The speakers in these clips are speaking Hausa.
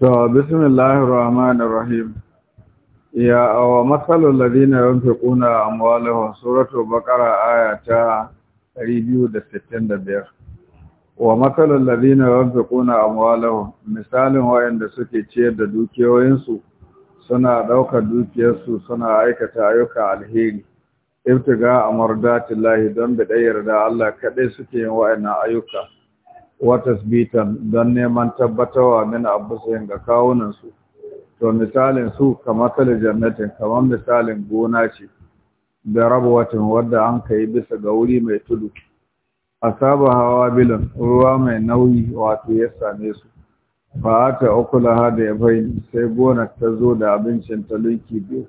To, bismillahir rahmanir rahim. Ya awa matsalar ladina yunfiquna amwalahum suratul baqara ayata 265. Wa matsalar ladina a amwalahum misalin wayanda suke ciyar da dukiyoyinsu suna ɗaukar dukiyarsu suna aikata ayyuka alheri. Ibtiga lahi, don bidai yarda Allah kaɗai suke yin wayannan ayyuka. wa tasbitan don neman tabbatawa min abusayin ga kawunan su to misalin su kamar tale kamar misalin gona ce da rabuwatin wadda an kai bisa ga wuri mai tudu A saba hawa bilin ruwa mai nauyi wato ya same su ba ta ukulaha da bai sai gona ta zo da abincin ta linki biyu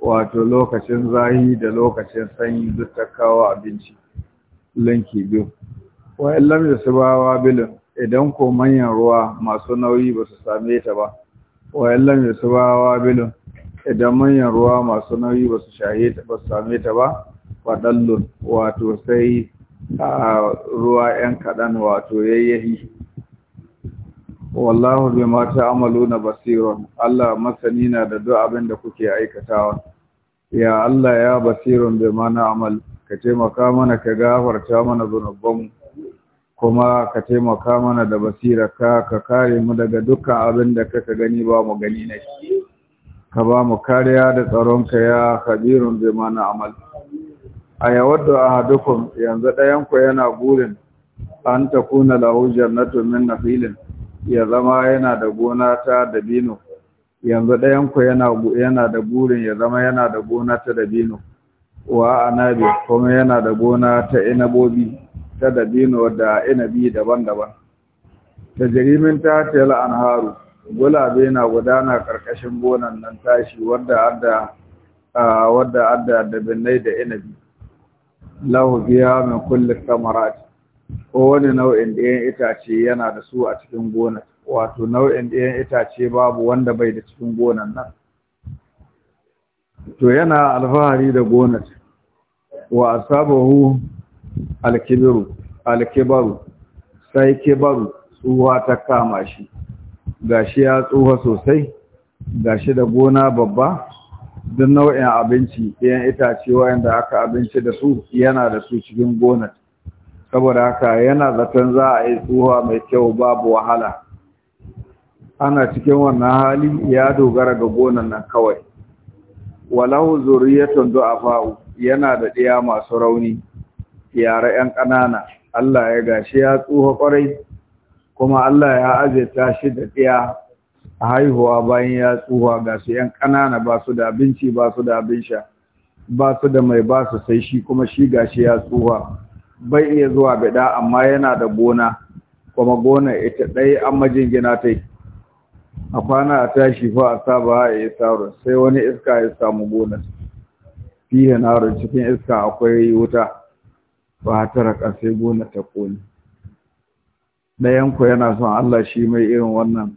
wato lokacin zahi da lokacin sanyi duk ta kawo abinci linki biyu wa illam yasbawa bilun idan ko manyan ruwa masu nauyi ba su same ta ba wa illam yasbawa bilun idan manyan ruwa masu nauyi ba su shahe ta ba same ta ba faɗallun wato sai a ruwa 'yan kaɗan wato yayyahi wallahu bi ma amalu na basirun Allah masani na da duk abin da kuke aikatawa ya Allah ya basirun bi na amal ka taimaka mana ka gafarta mana zunubanmu kuma ka taimaka mana da basira ka kare mu daga dukkan abin da kaka gani ba mu gani ne ka ba mu kariya da tsaronka ya khabirun bi mana amal a yawaddu ahadukum yanzu ɗayan ku yana gurin an takuna lahu jannatun min nafilin ya zama yana da gona ta dabino yanzu ɗayan ku yana da gurin ya zama yana da gona ta dabino wa anabi kuma yana da gona ta inabobi ta dabino da inabi daban-daban da jirimin ta tela anharu gulabe na gudana karkashin gonan nan tashi wadda adda wadda adda binnai da inabi lahu biya min kulli samarat wani nau'in ɗayan itace yana da su a cikin gonar wato nau'in ɗayan itace babu wanda bai da cikin gonan nan to yana alfahari da gonar wa asabahu alkibiru alkibaru sai kibaru tsuwa ta kama shi gashi ya tsuwa sosai gashi da gona babba don nau'in abinci 'yan itace wayanda aka abinci da su yana da su cikin gonar saboda haka yana zaton za a yi tsuwa mai kyau babu wahala ana cikin wannan hali ya dogara ga gonan nan kawai walahu zuriyatun fa'u, yana da ɗaya masu rauni Yare 'yan ƙanana Allah ya gashi ya tsuha ƙwarai kuma Allah ya ta shi da ɗiya a haihuwa bayan ya tsuha ga su 'yan ƙanana ba su da abinci ba su da abin sha ba su da mai ba su sai shi kuma shi gashi ya tsuha bai iya zuwa gida amma yana da gona kuma gona ita ɗaya an majingina ta yi a kwana a tashi fa a saba a yi sai wani iska ya samu gonar fiye na cikin iska akwai wuta ba taraka sai gona ta kone ɗayanku yana son Allah shi mai irin wannan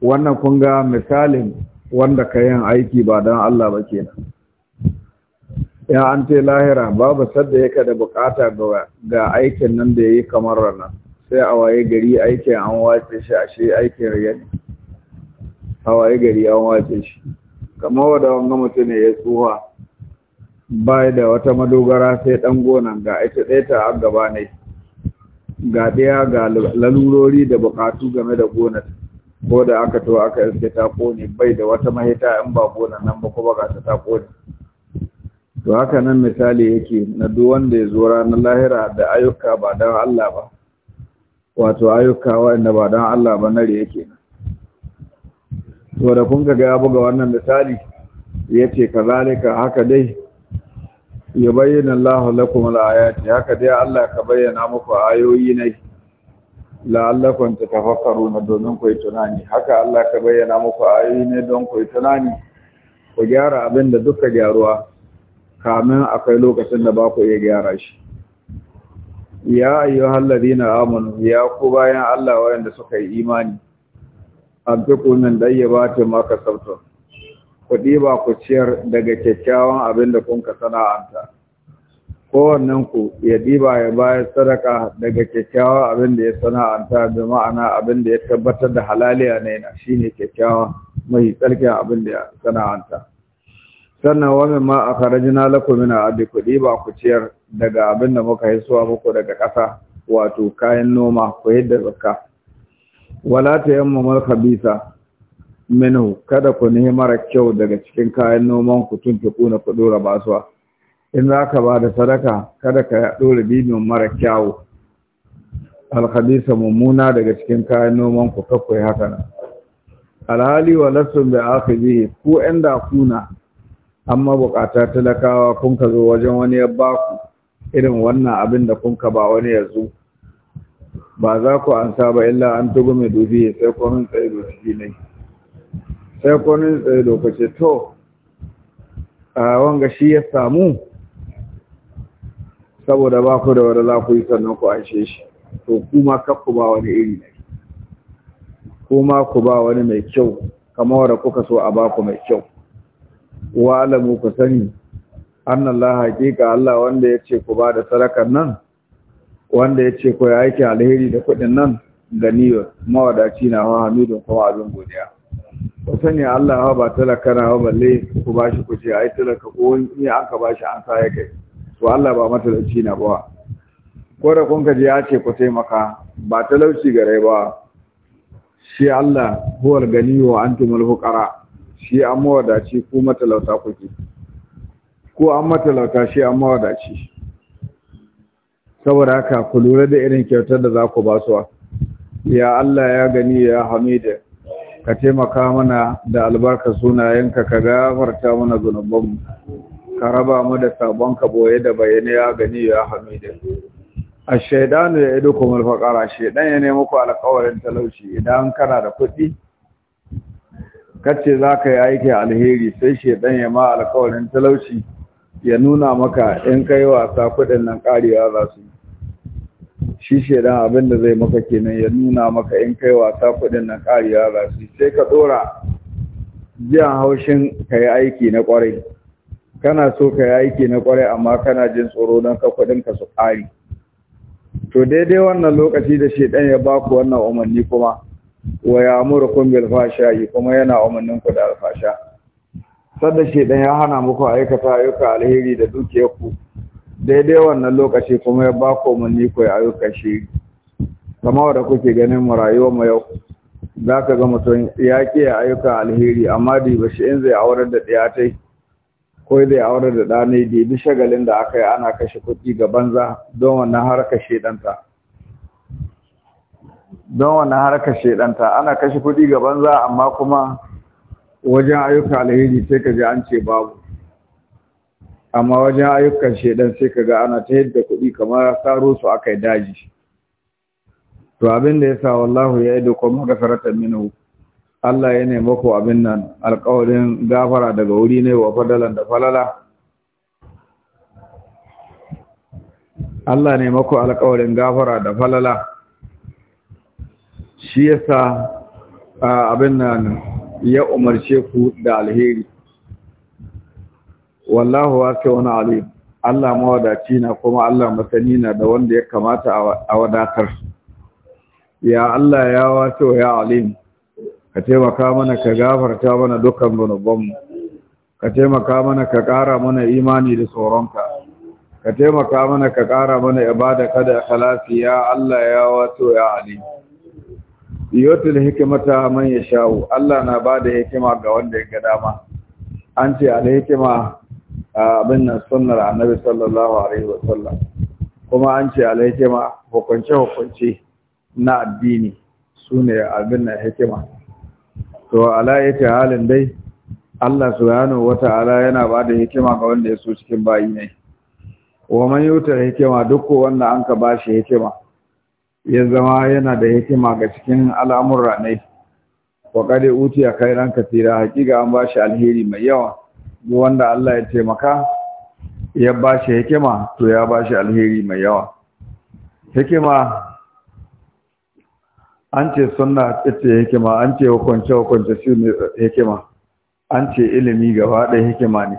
wannan kun ga misalin wanda ka yin aiki ba don Allah ba kenan ya an ce lahira babu sadda yake da bukata ga aikin nan da ya yi kamar rana sai a waye gari aikin an wace shi a shi aikin riyar a waye gari an wace shi kamar wadda wanga mutum ne ya tsuwa bai da wata madogara sai dan gonan ga ita ɗaya ta a gaba ne ga ɗaya ga lalurori da bukatu game da gonar ko da aka to aka iske ta kone bai da wata mahita in ba gonan nan ba ko ba ta ta kone to haka nan misali yake na duk wanda ya zo ranar lahira da ayyuka ba don Allah ba wato ayyuka waɗanda ba don Allah ba nare yake to da kun ga ya buga wannan misali yace kazalika haka dai ya bayyana Allah lakum al-ayati haka dai Allah ka bayyana muku ayoyi ne la'allakum tatafakkaruna domin ku tunani haka Allah ka bayyana muku ayoyi ne don ku tunani ku gyara abin da duka gyaruwa kamin akwai lokacin da ba ku iya gyara shi ya ayyuhal ladina amanu ya ku bayan Allah wayanda suka yi imani an fi kunin dayyaba ta maka sabtun kuɗi ba ku ciyar daga kyakkyawan abin da kun ka sana'anta kowannen ku ya ɗiba ya bayar sadaka daga kyakkyawan abin da ya sana'anta da ma'ana abin da ya tabbatar da halaliya ne na shine kyakkyawan mai tsarkin abin da ya sana'anta sannan wani ma a faraji na lakumina a kuɗi ba ku ciyar daga abin da muka suwa muku daga ƙasa wato kayan noma ku yadda zakka wala ta yamma mulka bisa minhu kada ku nemi mara kyau daga cikin kayan noman ku tun tuku na ku dora basuwa in za ka ba da sadaka kada ka dora bibin mara kyawu alhadisa mummuna daga cikin kayan noman ku kakwai haka nan alhali wa lasun bai aka bihe ku ‘yan kuna? amma bukata talakawa kun ka zo wajen wani ya ba ku irin wannan abin da kun ka ba wani ya zo ba za ku ansa ba illa an tugu mai dubi sai mun tsaye da su ne sai kwanu tsaye lokaci to a wanga shi ya samu saboda ba ku da wani lafi sannan ku anshe shi to kuma kakku ba wani iri ne kuma ku ba wani mai kyau kamar kuka so a ba ku mai kyau wa alamu ku sani annan la hakika Allah wanda ya ce ku ba da sadakan nan wanda ya ce ku ya aiki alheri da kuɗin nan ganiyar mawadaci na hannu hamidun kuma abin godiya ku sani Allah ya ba talaka na balle ku ba shi kuje ai talaka ko wani aka ba shi an sa ya kai to Allah ba matalauci na ba ko da kun kaje ya ce ku taimaka ba talauci gare ba shi Allah huwal gani wa antumul fuqara shi an mawadaci ku matalauta kuke ko an matalauta shi an mawadaci saboda haka ku lura da irin kyautar da za ku ba su ya Allah ya gani ya hamida ka taimaka mana da albarka sunayenka ka gafarta mana zunubanmu ka raba mu da sabonka boye da bayyane ya gani ya hamidin a shaidanu ya ido kuma alfaƙara shaidan ya nemi ku alƙawarin talauci idan kana da kuɗi kace za ka yi aiki alheri sai shaidan ya ma alkawarin talauci ya nuna maka in kai wasa kuɗin nan ƙarewa za su shi shaidan abin da zai maka kenan ya nuna maka in kai wasa kudin na kariya za su sai ka dora jiyan haushin ka yi aiki na kwarai, kana so ka yi aiki na kwarai amma kana jin tsoro don ka kuɗin ka su kari to daidai wannan lokaci da shaidan ya ba ku wannan umarni kuma wa ya kun bil yi kuma yana umarnin ku da alfasha shi shaidan ya hana muku aikata ayyuka alheri da dukiyarku daidai wannan lokaci kuma ya bako mu ni ku ayyukan shi kamar da kuke ganin mu rayuwar mu yau za ka ga mutum ya ke ayyukan alheri amma da ba shi in zai aurar da ɗiyatai ko zai aurar da ɗanai da bi shagalin da aka yi ana kashe kuɗi ga banza don wannan harkar shedanta don wannan ana kashe kuɗi ga banza amma kuma wajen ayyukan alheri sai ka ji an ce babu amma wajen ayyukan shaidan sai ka ga ana ta yadda kuɗi kamar saro su aka yi daji to abin da ya sa wallahu ya yi dokon magasaratan minu Allah ya nemi ko abin nan alƙawarin gafara daga wuri ne wa fadalan da falala Allah ne maku alƙawarin gafara da falala shi ya sa abin nan ya umarce ku da alheri wallahu wasi'un alim Allah mawadaci na kuma Allah masani na da wanda ya kamata a wadatar ya Allah ya wato ya alim ka taimaka mana ka gafarta mana dukkan zunubanmu ka taimaka mana ka ƙara mana imani da tsoronka ka taimaka mana ka ƙara mana ibada kada kalafi ya Allah ya wato ya alim yotul hikimata man yasha'u Allah na bada hikima ga wanda ya ga dama an ce al abin nan sunnar annabi sallallahu alaihi sallam kuma an ce alhikima hukunce hukunce na addini su ne abin nan hikima to ala yake halin dai Allah subhanahu wata'ala yana ba da hikima ga wanda ya so cikin bayi ne wa man yuta hikima duk wanda an ka bashi hikima ya zama yana da hikima ga cikin al'amuran ne wa ya kai ranka tira hakika an bashi alheri mai yawa duk wanda Allah ya taimaka ya ba shi hikima to ya ba shi alheri mai yawa hikima an ce sunna ita hikima an ce hukunce hukunce shi ne hikima an ce ilimi gaba ɗaya hikima ne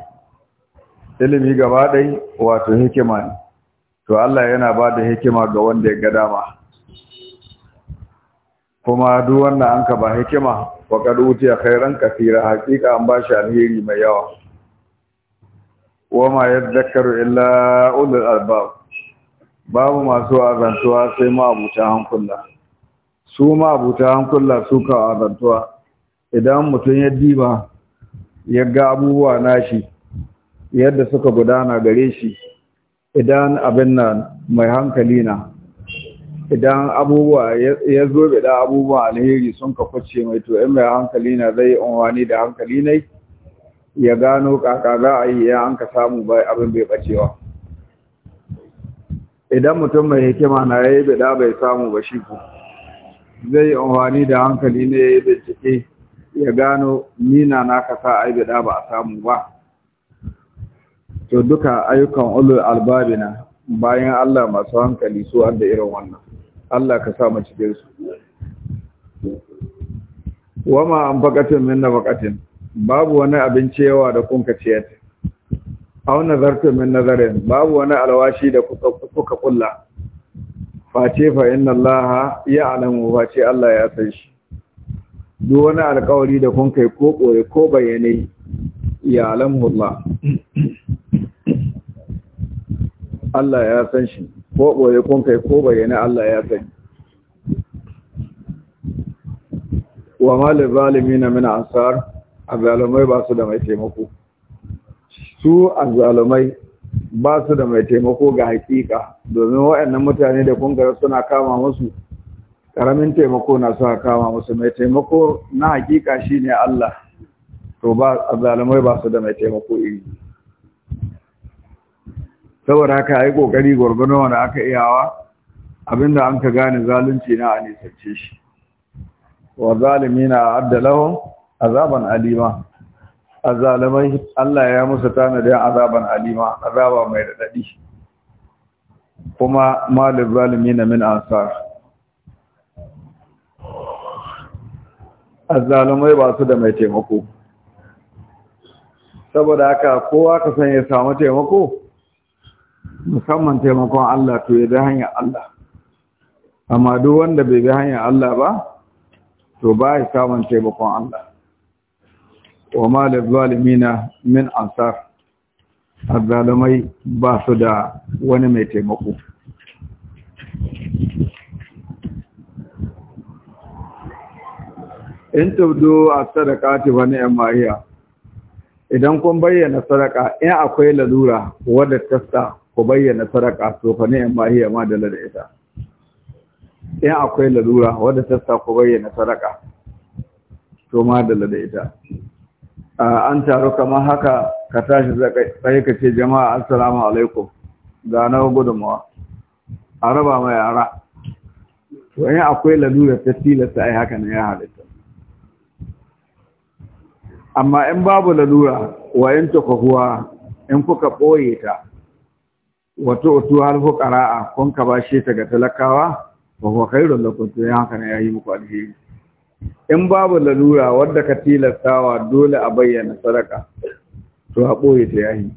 ilimi gaba ɗaya wato hikima ne to Allah yana ba da hikima ga wanda ya ga dama kuma duk wanda an ka ba hikima wa kad utiya khairan kafira hakika an ba shi alheri mai yawa wama yadhakkaru illa ulul albab babu masu azantuwa sai ma abuta hankula su ma abuta hankula su ka azantuwa idan mutum ya diba ya ga abubuwa nashi yadda suka gudana gare shi idan abin nan mai hankali na idan abubuwa ya zo da abubuwan alheri sun ka kwace mai to mai hankali na zai yi unwani da hankali ne ya gano kaka za a yi ya an ka samu bai abin bai bacewa idan mutum mai hikima na yayi bida bai samu ba shi ku zai yi amfani da hankali ne yi bincike ya gano nina na ka sa yi bida ba a samu ba to duka ayyukan ulul albabina bayan Allah masu hankali su an da irin wannan Allah ka sa mu su wama an bakatin min na bakatin babu wani abinci yawa da kun ka ciyar aw nazartu min nazarin babu wani alwashi da kuka kuka kulla face fa inna allaha ya'lamu face Allah ya san shi duk wani alkawari da kun kai ko kore ko bayanai ya alamullah Allah ya san shi ko kore kun kai ko bayanai Allah ya san wa malil zalimin min ansar Azalumai ba su da mai taimako su azzalumai ba su da mai taimako ga hakika domin waɗannan mutane da kungara suna kama musu Ƙaramin taimako na suka kama musu mai taimako na hakika shine Allah to ba ba su da mai taimako iri saboda haka yi kokari gurgurno wanda aka iyawa abinda an ka gane zalunci na a nisance shi wa zalimina adda lahum azaban alima azalamai Allah ya musu tanadin azaban alima azaba mai daɗaɗi kuma malin zalimin na min ansar azalamai ba su da mai taimako saboda haka kowa ka san ya samu taimako musamman taimakon Allah to ya da hanya Allah amma duk wanda bai bi hanyar Allah ba to ba ya samun taimakon Allah wa malar zalimina min ansar azzalumai ba su da wani mai taimako in tubdo a sadaka ta wani yan mariya idan kun bayyana sadaka in akwai lalura wadda tasta ku bayyana sadaka to fa ne mariya ma da ita in akwai lalura wadda tasta ku bayyana sadaka to ma da ita an taru kamar haka ka tashi tsaye ka ce jama'a assalamu alaikum ga na gudunmawa a raba mai yara to yin akwai lalura ta tilasta ai haka na ya halitta amma in babu lalura wa in huwa in kuka ɓoye ta wato otu har fuqara'a kun ka bashe ta ga talakawa ba kuwa kai lakum to haka na yi muku alheri in babu lalura wadda ka tilastawa dole a bayyana sadaka to a ɓoye ta yahi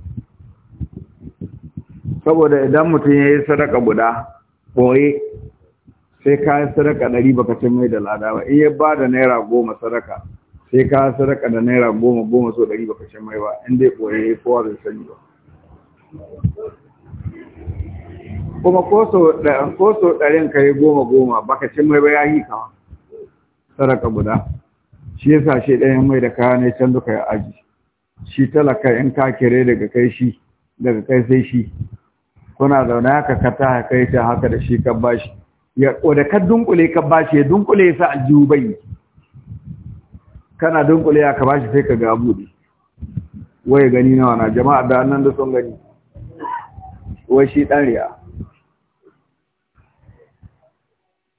saboda idan mutum ya yi sadaka guda ɓoye sai ka yi sadaka ɗari baka cin mai da lada ba in ya ba da naira goma sadaka sai ka yi sadaka da naira goma goma so ɗari baka cin mai ba in dai ɓoye kowa bai sani ba kuma ko so ɗarin ka yi goma goma baka cin mai ba ya yi kawa sadaka guda shi yasa shi ɗayan mai da kaya ne can duka ya aji shi talaka in ka kire daga kai shi daga kai sai shi kuna zaune haka ka ta kai ta haka da shi kan bashi ya da ka dunkule ka bashi ya dunkule ya sa aljihu bai kana dunkule ya ka bashi sai ka ga buɗe waye gani nawa na jama'a da nan da sun gani wai shi ɗan riya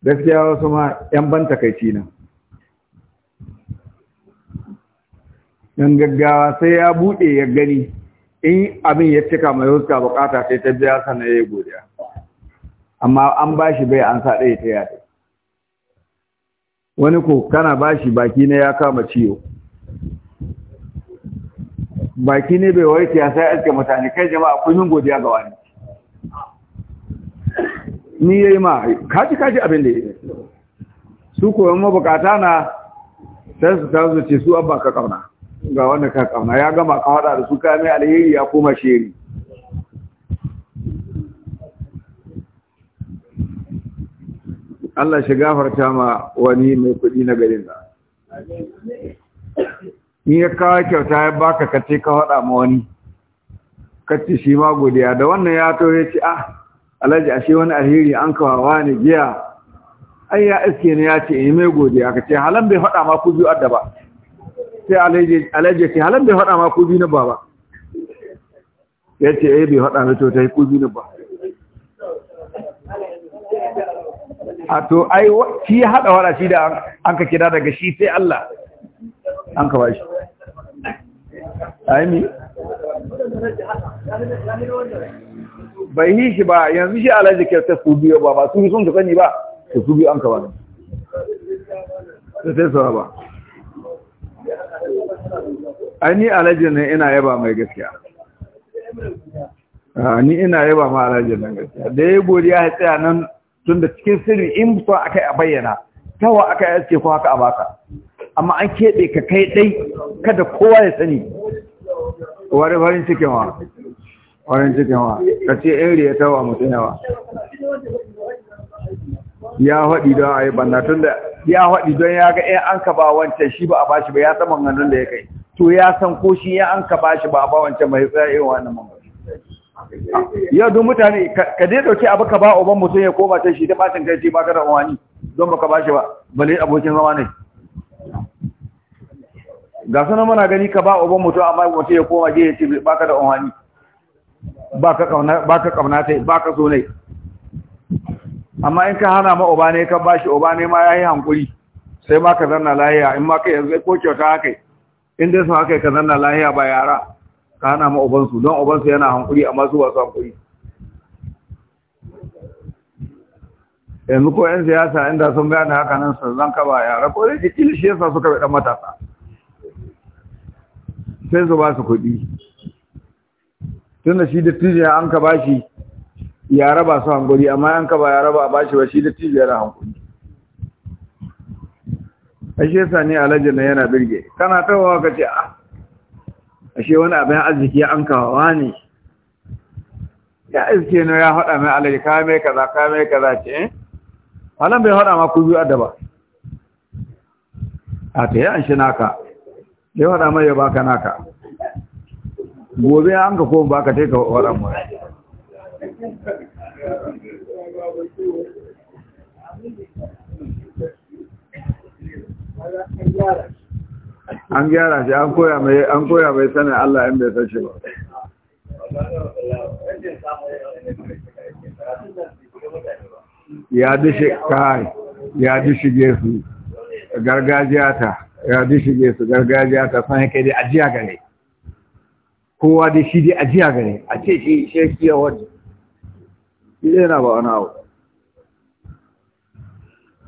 gaskiya wasu ma 'yan ban takaici nan don gaggawa sai ya buɗe ya gani in abin ya cika mai huska bukata sai ta biya sannan ya yi godiya amma an ba shi bai an sa ɗaya ta yaɗe wani ko kana ba shi baki ne ya kama ciwo baki ne bai warke ya sai aske mutane kai jama'a kun yin godiya ga wani ni yayi ma kaji kaji abin da yake su koyon mabukata na sai su tazo ce su abba ka kauna ga wanda ka kauna ya gama ka hada da su kame mai alheri ya koma sheri Allah shi gafarta ma wani mai kuɗi na garin da. Ni ya kawo kyauta ya baka ka ce ka hada ma wani, Kacce shi ma godiya da wannan ya to ya ce, ah, alhaji ashe wani alheri an kawawa ne giya, ai ya iske ne ya ce, in eh, mai godiya ka ce, halan bai faɗa ma ku biyu adda ba. sai alhaji ce halar bai haɗa ma ku bi na ba ba ya ce yi eh, bai haɗa mito ta yi ku bi na ba a to ai shi haɗa haɗa shi da an ka kira daga shi sai Allah an ka ba shi mi bai yi shi ba yanzu shi alhaji kyauta su biyo ba ba su yi sun ka sani ba su biyo an ka ba sai sai ba ni alhaji ne ina yaba mai gaskiya ah, ni ina yaba ma alhaji nan gaskiya da ya godiya ya tsaya nan tun da cikin sirri in so aka yi a bayyana tawa aka yi aske ko haka a baka amma an keɓe ka kai ɗai kada kowa ya sani wani farin cikin wa farin cikin wa ka ce ya riya tawa mutum yawa ya faɗi don a yi banna tun da ya faɗi don ya ga ‘yan an ka ba wancan shi ba a ba shi ba ya saman hannun da ya kai to ya san ko shi ‘yan an ka ba shi ba a ba wancan mai tsaye wa wannan manganun yau don mutane ka dai dauke abu ka ba uban mutum ya koma ta shi ta bacin kai ce ba ka da umarni don ba ka ba shi ba bale abokin zama ne ga suna mana gani ka ba uban mutum amma mutum ya koma ce ya ce ba ka da umarni ba ka ƙaunata, ta ba ka so ne amma in ka hana ma uba ne ka bashi uba ne ma yayi hankuri sai ma ka zanna lahiya in ma kai yanzu ko kyauta haka in dai sun haka ka zanna lahiya ba yara ka hana ma uban su don uban su yana hankuri amma su ba su hankuri yanzu ko yan siyasa inda sun gane haka nan sun zan kaba yara ko dai kila shi yasa suka bi dan matasa sai su ba su kuɗi tunda shi da tijiya an ka bashi ya raba su hankuri amma an ka ba ya raba ba shi ba shi da cibiyar hankuri ashe yasa ne alhaji na yana birge kana tawawa ka ce a ah, ashe wani abin arziki an kawawa ne ya iske ne ya haɗa mai alhaji kaya mai kaza kaya mai kaza ce eh bai haɗa ma ku biyu adaba a ta yi an shi naka ya haɗa mai ya baka naka gobe an ka ko baka ta yi ka haɗa mai an gyara shi an koya mai an koya mai sanin Allah in bai san ba ya dishi kai ya su gargajiya ta ya dishige su gargajiya ta san kai dai ajiya gare kowa dai shi dai ajiya gare a ce shi shi kiyawa yana ba wani abu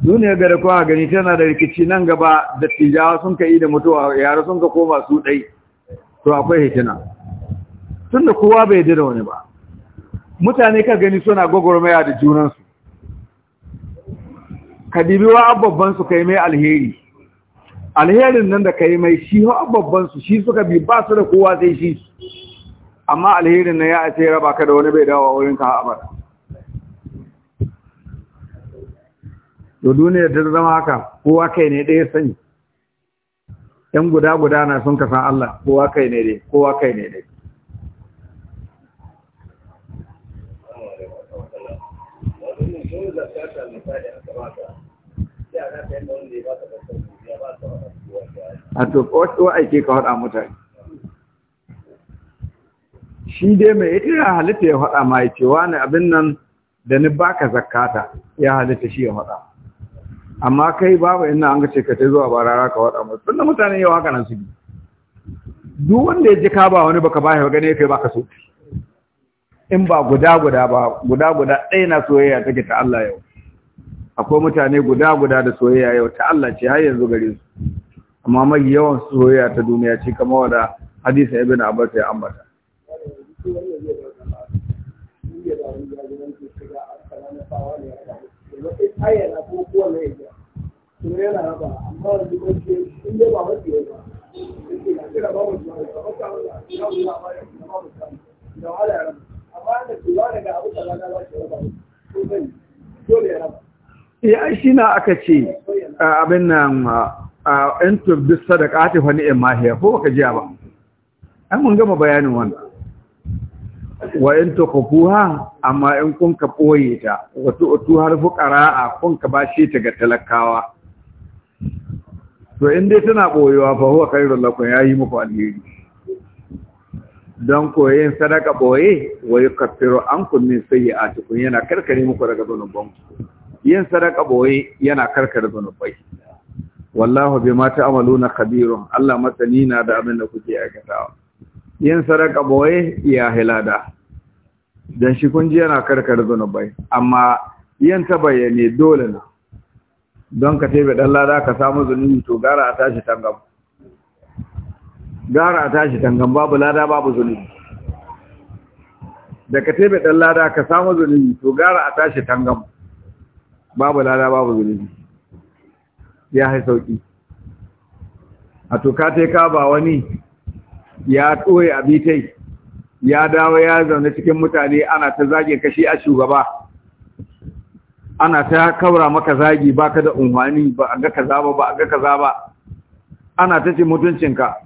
Duniya gada kowa gani tana da rikici nan gaba da tijawa sun ka yi da mutuwa yara sun ka koma su ɗai to akwai hitina tun da kowa bai da wani ba mutane ka gani suna gwagwarmaya da junansu ka wa abubbansu ka yi mai alheri alherin nan da ka yi mai shi wa abubbansu shi suka bi ba su da kowa sai shi amma alherin na ya ce raba ka da wani bai dawa wurin ka abar to duniyar da zama haka kowa kai ne ɗaya sani ‘yan guda guda na sun kasan Allah kowa kai ne dai kowa kai ne dai a to kowa aiki ka haɗa mutane shi dai mai irin halitta ya haɗa ma ya ce wani abin nan da ni baka zakata ya halitta shi ya haɗa amma kai babu ina an ce ka ta zuwa barara ka wada mu tunda mutane yau kana su su duk wanda ya ji ka ba wani baka ba gane kai baka so in ba guda guda ba guda guda ɗaya na soyayya take ta Allah yau akwai mutane guda guda da soyayya yau ta Allah ce har yanzu gare su amma mai yawan soyayya ta duniya ce kamar wada hadisa ibn abbas ya ambata ayyana ko ya shi na aka ce abin nan a yan ta sadaka ta wani yan mahiya ko baka jiya ba an mun gama bayanin wannan wa in tukufuha amma in kun ka ɓoye ta wato otu har fuqara kun ka bashi ta ga talakawa to in dai tana boyewa fa huwa khairul lakum yayi muku alheri don koyin sadaka boye wa yukaffiru ankum min sayyi'atikum yana karkare muku daga ku. yin sadaka boye yana karkare zunubai. wallahu bima ta'maluna khabirun Allah masani na da abin da kuke aikatawa yin sadaka boye ya hilada dan shi kun ji yana karkare zunubai amma yin ta bayyane dole na don ka tebe ɗan lada ka samu zunubi to gara a tashi tangam gara a tashi tangam babu lada babu zunubi da ka tebe ɗan lada ka samu zunubi to gara a tashi tangam babu lada babu zunubi ya hai sauki a to ka te ka ba wani ya tsoye abitai ya dawo ya zaune cikin mutane ana ta zage kashi a shugaba ana ta kaura maka zagi baka da umarni, ba a ga kaza ba ba a ga kaza ba ana ta ce mutuncinka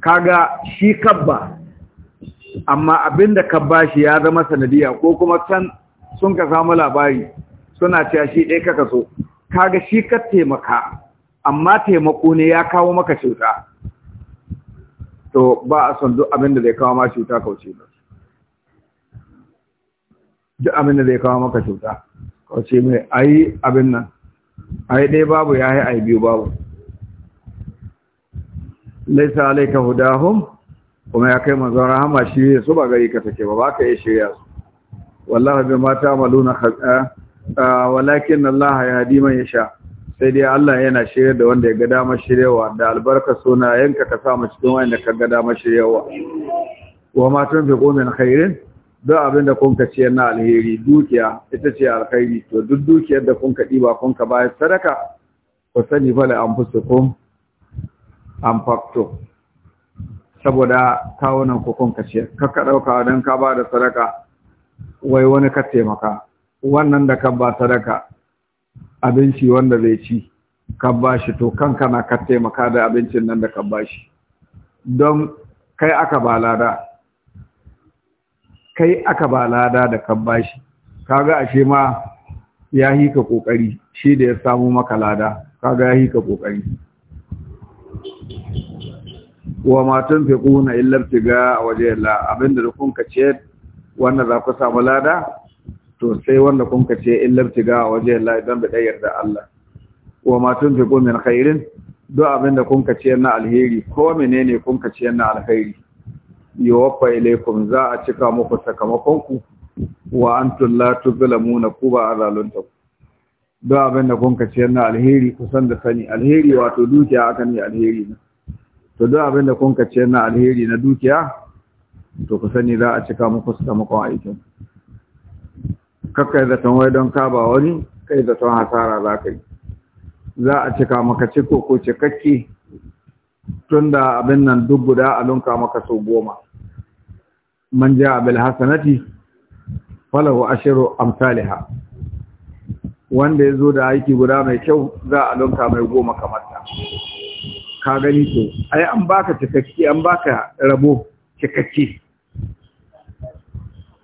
kaga shi kabba amma abinda kabba shi ya zama sanadiya ko kuma can sun ka samu labari suna cewa shi ɗaya kaka so kaga shi ka taimaka amma taimako ne ya kawo maka cuta to ba a son duk abinda zai kawo ma cuta kauce ba duk abinda zai kawo maka cuta ka ce mai ayi abin nan ayi ɗaya babu ya yi ayi biyu babu laisa alaika hudahum kuma ya kai manzon rahama shi su ba gari ka take ba ba ka yi shirya su wallahi bi mata maluna eh, eh, walakin Allah ya hadi man yasha sai dai Allah yana shirya da wanda ya ga damar shiryawa da albarka suna yanka ka sa mu cikin wanda ka ga damar shiryawa wa ma tunfiqu min khairin Don abin da kun ka ciyar na alheri dukiya ita ce alkhairi to duk dukiyar da kun ka ɗiba kun ka sadaka ku sani fa an fusukun an fakto saboda kawunan ku kun ka ciyar ɗauka don ka ba da sadaka wai wani ka taimaka wannan da ka ba sadaka abinci wanda zai ci ka ba shi to kanka na ka taimaka da abincin nan da ka ba shi don kai aka ba lada kai aka ba lada da kan bashi kaga ashe ma ya yi ka kokari shi da ya samu maka lada kaga ya yi ka kokari wa matan fiquna illa tiga waje la abinda da kun kace wanda za ku samu lada to sai wanda kun kace illa tiga waje la idan bai yarda Allah wa matan fiquna min khairin do abinda kun kace na alheri ko menene kun kace na alheri yuwaffa ilaikum za a cika muku sakamakon ku wa antum la tuzlamuna ku ba azalunta ku don abin da kun kace na alheri kusan da sani alheri wato dukiya aka ni alheri na to don abin da kun kace na alheri na dukiya to ku sani za a cika muku sakamakon aikin kakkai zaton wai don ka ba wani kai zaton hasara za ka yi za a cika maka ciko ko cikakke tun da abin nan duk guda a lunka maka sau goma man a bil hasanati falahu ashru amsalha wanda ya zo da aiki guda mai kyau za a lonka mai goma kamar ta ka gani to ai an baka cikakke an rabo cikakke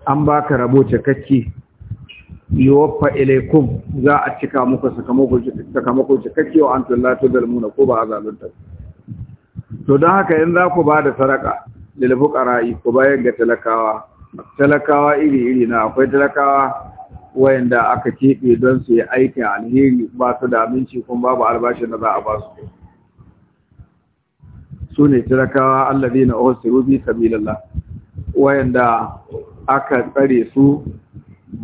an ilaikum za a cika muku sakamako cikakke wa antum la tudalmuna ko ba azalunta to don haka in za ku ba da sadaka lil ko ku bayar ga talakawa talakawa iri iri na akwai talakawa wayanda aka keɓe don su yi aikin alheri ba su da aminci kuma babu albashin da za a ba su su ne talakawa allazi na bi sabilillah wayanda aka tsare su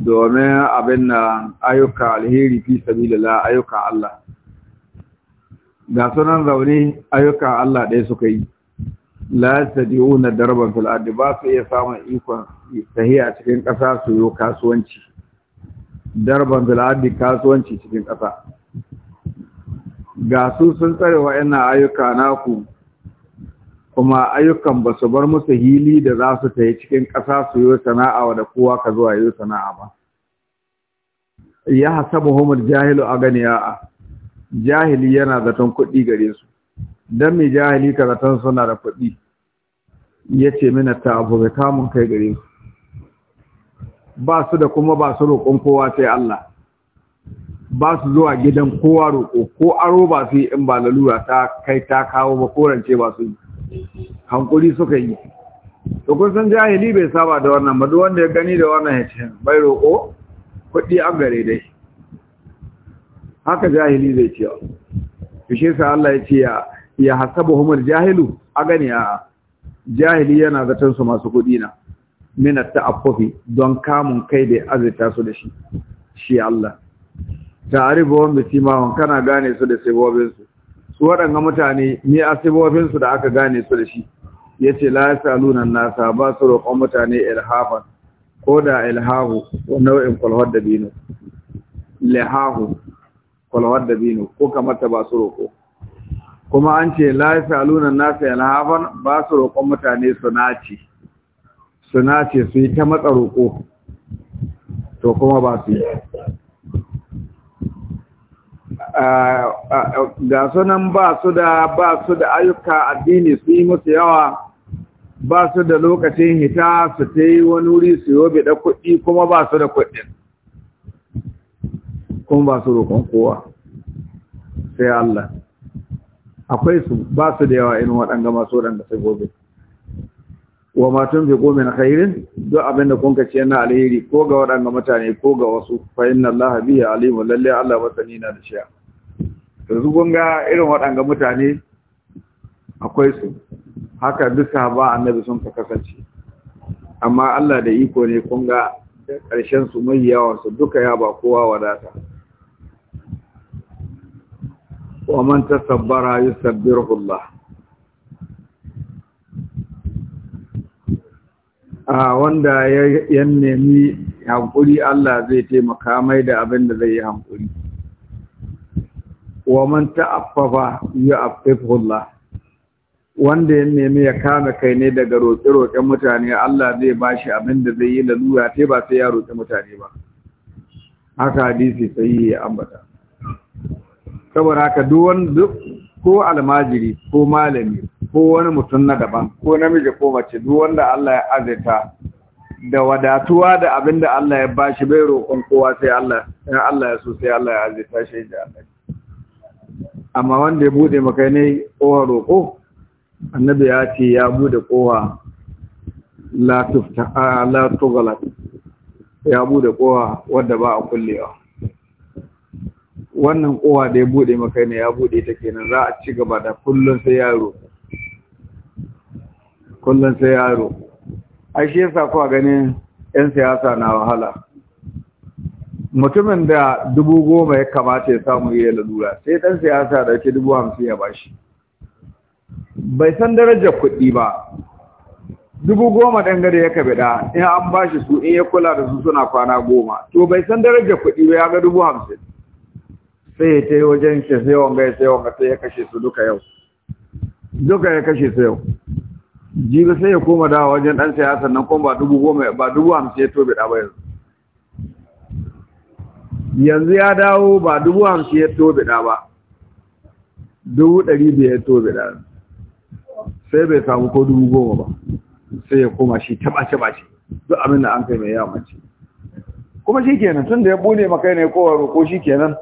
domin abin na ayyuka alheri fi sabilillah ayyuka Allah ga sunan zaune ayyuka Allah ɗaya suka yi la yastadi'una darban fil ardi ba su iya samun ikon tahiya cikin ƙasa su yi kasuwanci darban fil ardi kasuwanci cikin ƙasa ga su sun tsare wa'annan ayyuka naku kuma ayyukan ba su bar musu hili da za su tayi cikin ƙasa su yi sana'a da kowa ka zuwa yi sana'a ba ya hasabu humul jahilu aganiya jahili yana zaton kuɗi gare su dan mai jahili karatun suna da kuɗi ya ce mina ta abu bai kamun kai gare su ba su da kuma ba su roƙon kowa sai Allah ba su zuwa gidan kowa roƙo ko aro ba su yi in ba lalura ta kai ta kawo ba korance ba su yi hankuri suka yi to kun san jahili bai saba da wannan ba duk wanda ya gani da wannan ya ce bai roƙo kuɗi an gare dai haka jahili zai ce to shi sa Allah ya ce ya ya hasabu humar jahilu a gani a jahili yana zaton su masu kuɗi na mina ta'affufi don kamun kai da azurta su da shi shi Allah Ta ta'arifu wa bisimahum kana gane su da sibobin su waɗanga mutane ne a da aka gane su da shi Ya ce la lunan nasa ba su roƙon mutane ilhafan ko da ilhahu nau'in kwalwar da bino lihahu ko kamar ta ba su roƙo kuma an ce lafi alunan nasu hafan, ba su roƙon mutane su nace su nace su yi ta matsa roƙo to kuma ba su yi ga sunan ba su da ba su da ayyuka addini su yi musu yawa ba su da lokacin hita su ta yi wani wuri su yobe da kuɗi kuma ba su da kuɗin kuma ba su roƙon kowa sai Allah akwai su ba su da yawa irin waɗanga masu waɗanda sai gobe wa matun fi ko min khairin duk abinda kun ka ce na alheri ko ga waɗanga mutane ko ga wasu fa inna Allah biya alimu lalle Allah masani na da shi'a su kun ga irin waɗanga mutane akwai su haka duk sahaba annabi sun ka kasance amma Allah da iko ne kun ga ƙarshen su mai duka ya ba kowa wadata wa man tasabbara yusabbiruhu a wanda ya nemi hankuri Allah zai taimaka mai da abin da zai yi hankuri wa man ta'affafa ya'affafu wanda ya nemi ya kama kai ne daga roƙe-roƙen mutane Allah zai bashi abinda abin da zai yi lalura sai ba sai ya roƙe mutane ba haka hadisi sai ya ambata saboda haka duwan duk ko almajiri ko malami ko wani mutum na daban ko namiji ko mace duk wanda Allah ya azaita da wadatuwa da abinda Allah ya bashi bai roƙon kowa sai Allah ya Allah ya so sai Allah ya azaita shi da Allah amma wanda ya bude maka ne kowa roƙo annabi ya ce ya bude kowa la tufta la tughlaq ya bude kowa wanda ba a kullewa wannan kowa da ya bude maka ne ya bude ta kenan za a ci gaba da kullum sai yaro kullum sai yaro ai shi yasa kuwa ganin yan siyasa na wahala mutumin da dubu goma ya kamata ya samu ya lalura sai dan siyasa da ke dubu hamsin ya bashi bai san darajar kuɗi ba dubu goma ɗan dangare ya kabida in an bashi su in ya kula da su suna kwana goma to bai san darajar kuɗi ba ya ga dubu hamsin sai ya tai wajen shi sai wanga ya sai wanga sai ya kashe su duka yau duka ya kashe su yau jibi sai ya koma dawa wajen dan siyasa nan kuma ba dubu goma ba dubu hamsin ya tobe da yanzu yanzu ya dawo ba dubu hamsin ya tobe da dubu ɗari biyar ya tobe da sai bai samu ko dubu goma ba sai ya koma shi taɓace-ɓace duk abin da an kai mai yawa mace kuma shi kenan tun da ya bune makai ne kowa roƙo shi kenan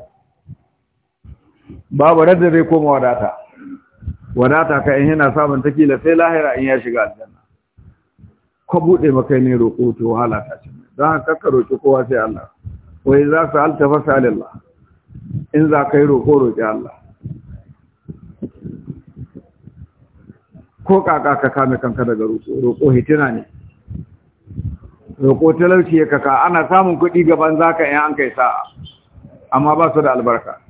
babu radda zai koma wadata wadata ka in yana samun takila sai lahira in ya shiga aljanna ka bude maka ne roƙo to wahala ta ce don haka ka roƙi kowa sai Allah wai za ka alta fasa alillah in za ka yi roƙo roƙi Allah ko kaka ka kame kanka daga roƙo hitina ne roƙo talauci ya kaka ana samun kuɗi gaban zaka in an kai sa'a amma ba su da albarka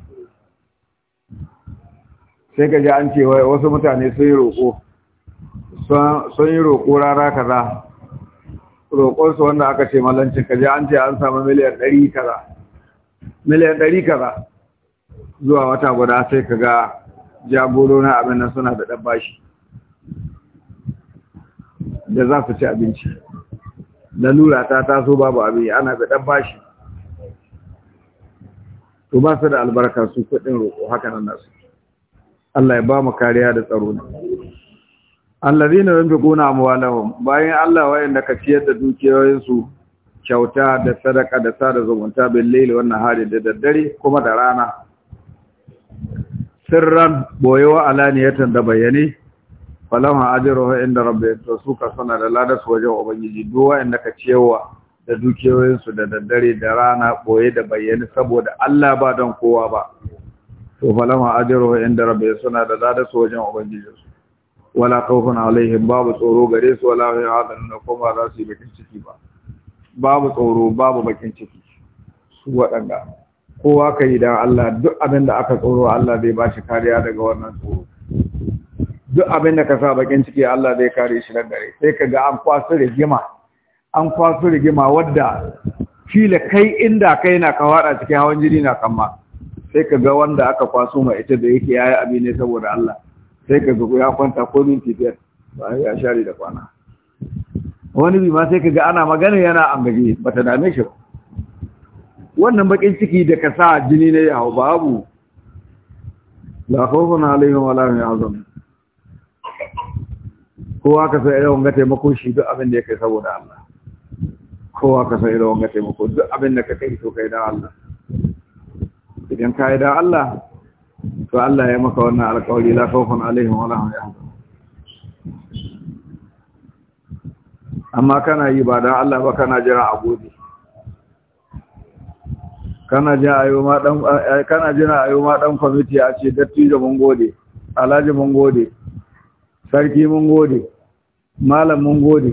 sai ka ji an ce wasu mutane sun yi roƙo sun yi roƙo rara kaza roƙonsu wanda aka ce malancin ka ji an ce an samu miliyan ɗari kaza miliyan ɗari kaza zuwa wata guda sai ka ga jagoro na abin nan suna da ɗan bashi da za su ci abinci da lura ta taso babu abin ana da ɗan bashi to ba su da albarkar su kuɗin roƙo haka nan nasu Allah ya ba mu kariya da tsaro ne allazina yunfiquna amwalahum bayan Allah wayanda ka ciyar da dukiyoyinsu kyauta da sadaka da sada zumunta bil layli wan nahari da daddare kuma da rana sirran wa alaniyatan da bayyane falama ajruhu inda rabbi to suka sana da ladas wajen ubangiji duwa inda ka ciyarwa da dukiyoyinsu da daddare da rana boye da bayyane saboda Allah ba don kowa ba to falama ajruhu inda rabbi suna da zada su wajen ubangiji su wala khawfun alaihim babu tsoro gare su wala hadan na kuma za su yi bakin ciki ba babu tsoro babu bakin ciki su wadanda kowa ka yi dan Allah duk abin da aka tsoro Allah zai ba shi kariya daga wannan tsoro duk abin da ka sa bakin ciki Allah zai kare shi nan gare sai ka ga an kwaso rigima an kwaso rigima wadda kila kai inda kai na ka wada cikin hawan jini na kan ma sai ka ga wanda aka kwaso ma ita da yake yayi abi ne saboda Allah sai ka ga ya kwanta ko min biyar ba ya shari da kwana wani bi ma sai ka ga ana magana yana ambaje bata dame shi wannan bakin ciki da ka sa jini ne ya babu la khawfun alaihim wala hum yahzan kowa ka sai irin ga taimako shi duk abin da ya kai saboda Allah kowa ka sai irin ga taimako duk abin da ka kai to kai da Allah idan ka yi da Allah to Allah ya maka wannan alƙawari la khawfun alaihim wala hum yahzanun amma kana yi ba da Allah ba kana jira a gode kana jira ayo ma dan eh, kana jira ayo ma dan committee a ce dattijo mun gode alhaji mun gode sarki mun gode malam mun gode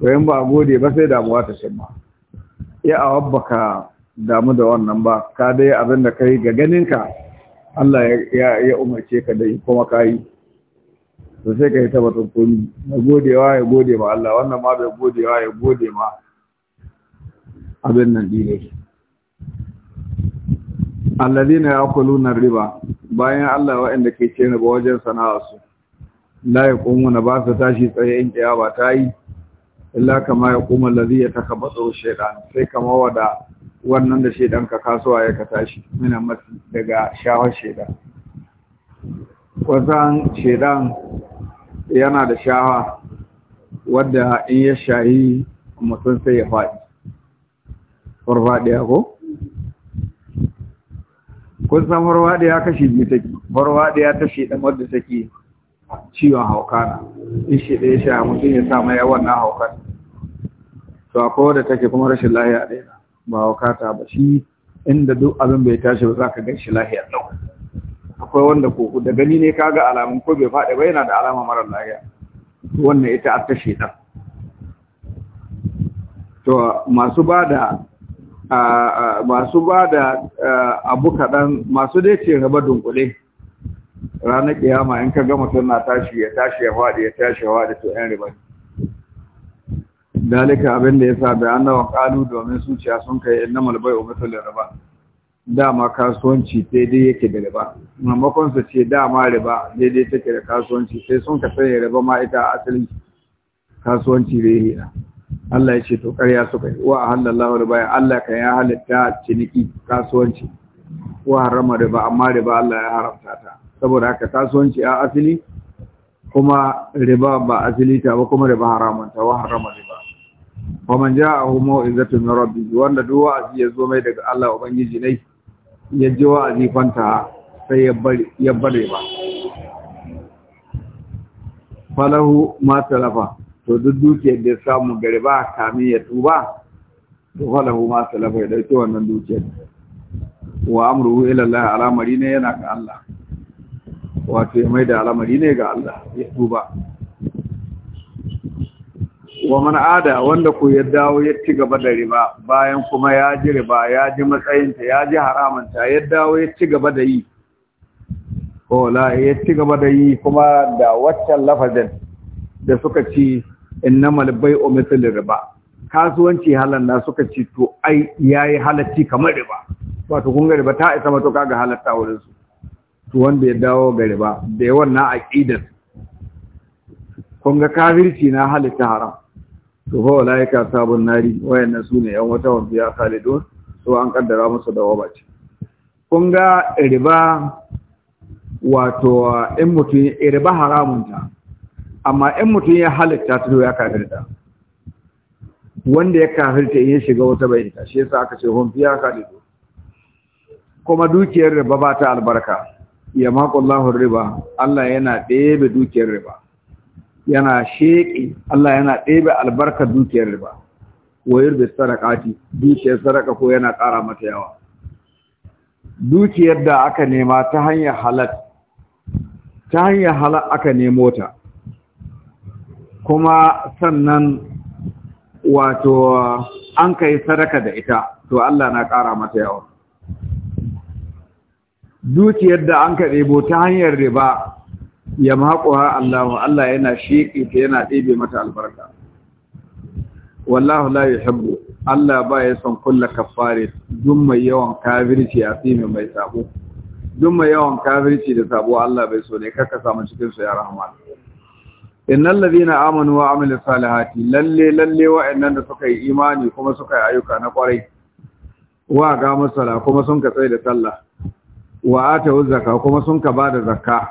wayan ba gode ba sai damuwa ta shimma ya awabba ka damu da wannan ba ka dai abin da yi ga ganinka Allah ya umarce ka da kuma ka yi to sai ka yi tabbatar komi na godewa ya gode ma Allah wannan ma bai godewa ya gode ma abin nan dine kulu na riba bayan Allah waɗanda ke ce ba wajen sana'arsu la yaqumuna ba su tashi tsaye in ba ta yi illa kama ya kuma lazi ya taka batsaro shaidan sai kama wada wannan da shaidan ka kasuwa ya ka tashi mina masu daga shawar shaidan wasan shaidan yana da shawa wadda in ya shayi mutum sai ya faɗi farfaɗiya ko? kun san farfaɗiya kashi biyu take farfaɗiya ta shaidan wadda take ciwon hauka na in da ya sha mutum ya sa ya wannan haukar to akwai wadda take kuma rashin lahiya ɗaya na, ba hauka ta ba shi inda duk abin bai tashi ba za ka gan shi lahiya ɗau akwai wanda ko da gani ne ka ga alamun ko bai faɗi ba yana da alama mara lahiya wannan ita a tashe ɗan to masu ba da masu ba da abu kaɗan masu dai ce raba dunkule ranar kiyama in ka gama mutum na tashi ya tashi ya faɗi ya tashi ya faɗi to yan riba ne dalika abin da ya sa bai annawa kalu domin suciya sun kai innamal bai'u da riba dama kasuwanci daidai yake da riba maimakon su ce dama riba daidai take da kasuwanci sai sun ka sanya riba ma ita asali kasuwanci rehiya Allah ya ce to ƙarya suka yi wa halallahu riba ya Allah kan ya halitta ciniki kasuwanci wa harama riba amma riba Allah ya haramta ta saboda haka kasuwanci a asili kuma riba ba asili ta ba kuma riba haramun ta wa harama riba wa man ja ja'ahu mau'izatun min rabbi wanda duk wa'azi ya zo mai daga Allah ubangiji ne ya ji wa'azi fanta sai ya bari ya ba falahu ma talafa to duk dukiyar da ya samu ga riba kamin ya tuba to falahu ma talafa ya dauke wannan dukiyar wa amruhu ila Allah al'amari ne yana ga Allah wato ya mai da alamari ne ga Allah ya duba. wa man ada wanda ku ya dawo ya ci gaba da riba bayan kuma ya ji riba ya ji matsayinta ya ji haramanta ya dawo ya ci gaba da yi ko la ya ci gaba da yi kuma da waccan lafazin da suka ci innamal bai'u mithl riba kasuwanci halan na suka ci to ai yayi halatti kamar riba wato kun ga riba ta isa matuka ga halatta wurin su to wanda ya dawo gari ba da yawan na aƙidar kun kafirci na halitta haram to fa walaika sabon nari wayannan sune yan wata wanda khalidun to an kaddara musu da waba ce kun riba wato ƴan mutum riba haramun ta amma ƴan mutum ya halitta ta ya kafirta wanda ya kafirta in ya shiga wata bai ta shi yasa aka ce hon fiya khalidun kuma dukiyar riba ba ta albarka ya maƙullahun riba Allah yana ɗebe dukiyar riba yana sheƙi Allah yana ɗebe albarkar dukiyar riba wayar da sarakati dukiyar saraka ko yana ƙara mata yawa dukiyar da aka nema ta hanyar halal ta hanyar halal aka nemo ta kuma sannan wato an kai sadaka da ita to Allah na ƙara mata yawa dukiyar da an kaɗe ɗebo ta hanyar riba ya maƙuwa allah Allah yana sheƙi ta yana ɗebe mata albarka wallahu la yuhibbu Allah ba ya son kulla kafare duk mai yawan kafirci a fi mai sabo duk mai yawan kabirci da sabo Allah bai so ne kaka samu cikin su ya rahman innal ladina amanu wa amilu salihati lalle lalle wa nan da suka yi imani kuma suka yi ayyuka na kwarai wa ga masala kuma sun ka da sallah wa atawu zakka kuma sun ka bada zakka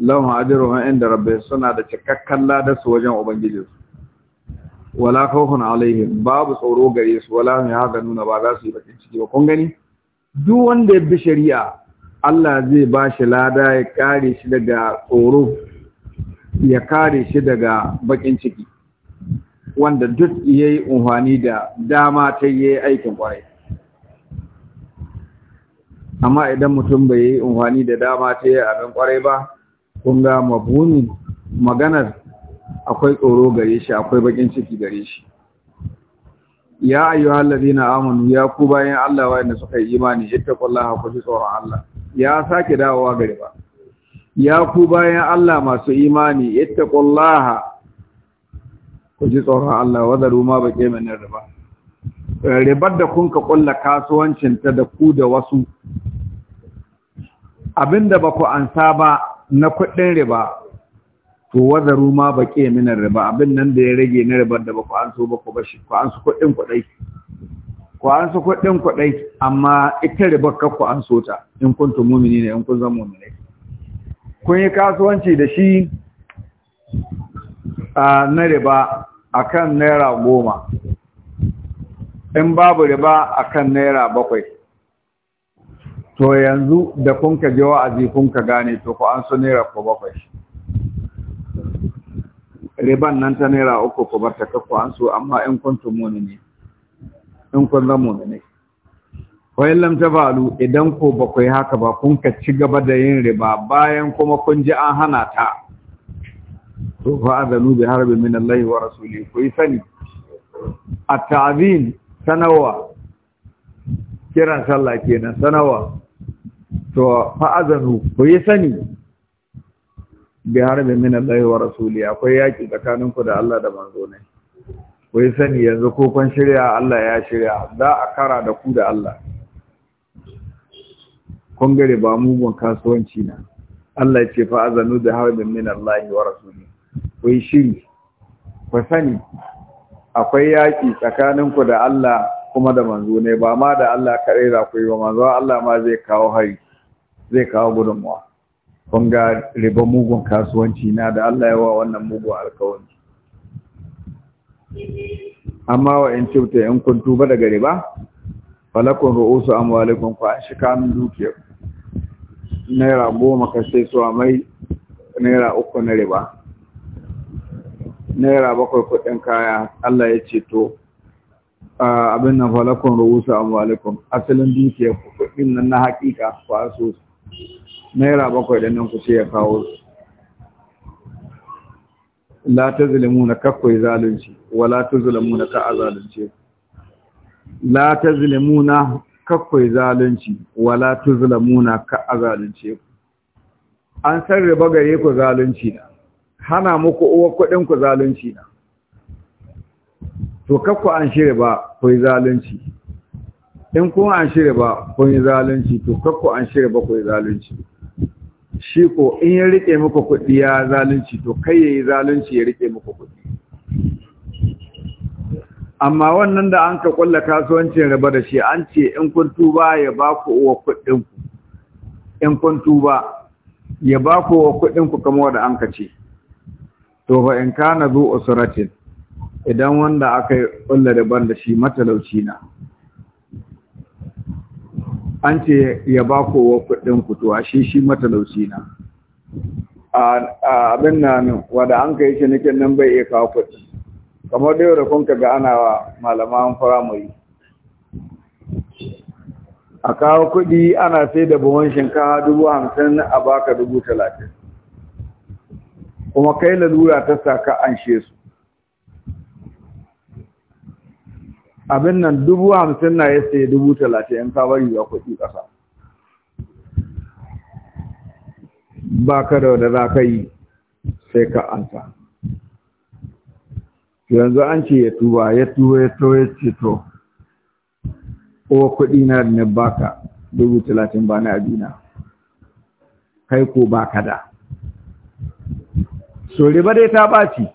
lahu ajruhum inda rabbi suna da cikakken ladar su wajen ubangiji wala khawfun alaihim babu tsoro gare su wala hum nuna ba za su yi bakin ciki ba kun gani duk wanda ya bi shari'a Allah zai ba shi lada ya kare shi daga tsoro ya kare shi daga bakin ciki wanda duk yayi umfani da dama ta yayi aikin kwarai amma idan mutum bai yi unhwani da dama ta yi abin kwarai ba kun ga mabuni maganar akwai tsoro gare shi akwai bakin ciki gare shi ya ayyuhal na amanu ya ku bayan Allah wa'anda suka yi imani ittaqullaha ku ji tsoron Allah ya sake dawowa gare ba ya ku bayan Allah masu imani ittaqullaha ku ji tsoron Allah wadaru ma bake min riba ribar da kun ka kulla kasuwancin ta da ku da wasu abinda ba ku ansa ba na kuɗin riba to wazaru ma ba ke minar riba abin nan da ya rage na ribar da ba ku anso ba ku bashi ku ansu kuɗin kuɗai ku ansu kuɗin kuɗai amma ita ribar ka ku anso ta in kun tu mumini ne in kun zan mumini kun yi kasuwanci da shi na riba akan naira goma in babu riba akan naira bakwai to yanzu da kun ka ji wa'azi kun ka gane to ku an so naira ko bakwai riban nan ta naira uku ku bar ta kakku an so amma in kun tumuni ne in kun zan zama ne wayan lam tabalu idan ko bakwai haka ba kun ka ci gaba da yin riba bayan kuma kun ji an hana ta to fa azanu bi harbi min allahi wa rasuli ku sani at-ta'zim sanawa kiran sallah kenan sanawa to fa'azanu ku yi sani bi harbi min Allah wa rasuli akwai yaki tsakanin ku da Allah da manzo ne ku yi sani yanzu ko kun shirya Allah ya shirya za a kara da ku da Allah kun gare ba mugun kasuwanci na Allah ce fa'azanu bi harbi min Allah wa rasuli ku yi shiri ku sani akwai yaki tsakanin ku da Allah kuma da manzo ne ba ma da Allah kare za ku yi ba manzo Allah ma zai kawo hari zai kawo gudunmuwa kun ga riba mugun kasuwanci na da Allah ya wa wannan mugun alkawanci. amma wa in cibta in kun tuba daga riba falakun ru'usu amwalikum ku an shika min dukiyar naira goma ka sai su mai naira uku na riba naira bakwai kuɗin kaya Allah ya ce to abin nan falakon rubusa amwalikum asalin dukiyar kuɗin nan na hakika kwa aso naira bakwai da nan kuce ce ya kawo su la ta zulimu na kakwai zalunci wa la ta zulimu na ka'a zalunci. la ta zulimu na kakwai zalunci wa la ta zulimu na ka'a zalunci. an sarraba gare ku zalunci na hana muku uwa kuɗin ku zalunci na to kakwa an shirya ba ku yi zalunci in kun an shirya ba kun yi zalunci to kakwa an shirya ba ku yi zalunci shi ko in ya rike muku kuɗi ya zalunci to kai ya yi zalunci ya rike muku kuɗi amma wannan da an ka kulla kasuwancin raba da shi an ce in kun tuba ya ba ku wa kuɗinku in kun tuba ya ba ku wa kuɗinku kamar da an ka ce to fa in kana zu usratin idan wanda aka kulla daban da shi matalauci na an ce ya ba kowa kuɗin kutuwa shi shi matalauci na A abin na nan wadda an ka yi shi nake nan bai iya kawo kuɗi kamar da yau da kun ga ana wa malaman firamare a kawo kuɗi ana sai da buwan shinkawa dubu hamsin a baka dubu talatin kuma kai lalura ta saka an she su abin nan dubu hamsin na ya sayi dubu talatin in ka bari ya kuɗi ƙasa ba ka da wadda za ka yi sai ka ansa yanzu an ce ya tuba ya tuba ya to ya ce to o kuɗi na da na baka dubu talatin ba na abina kai ko ba ka da so riba dai ta ɓaci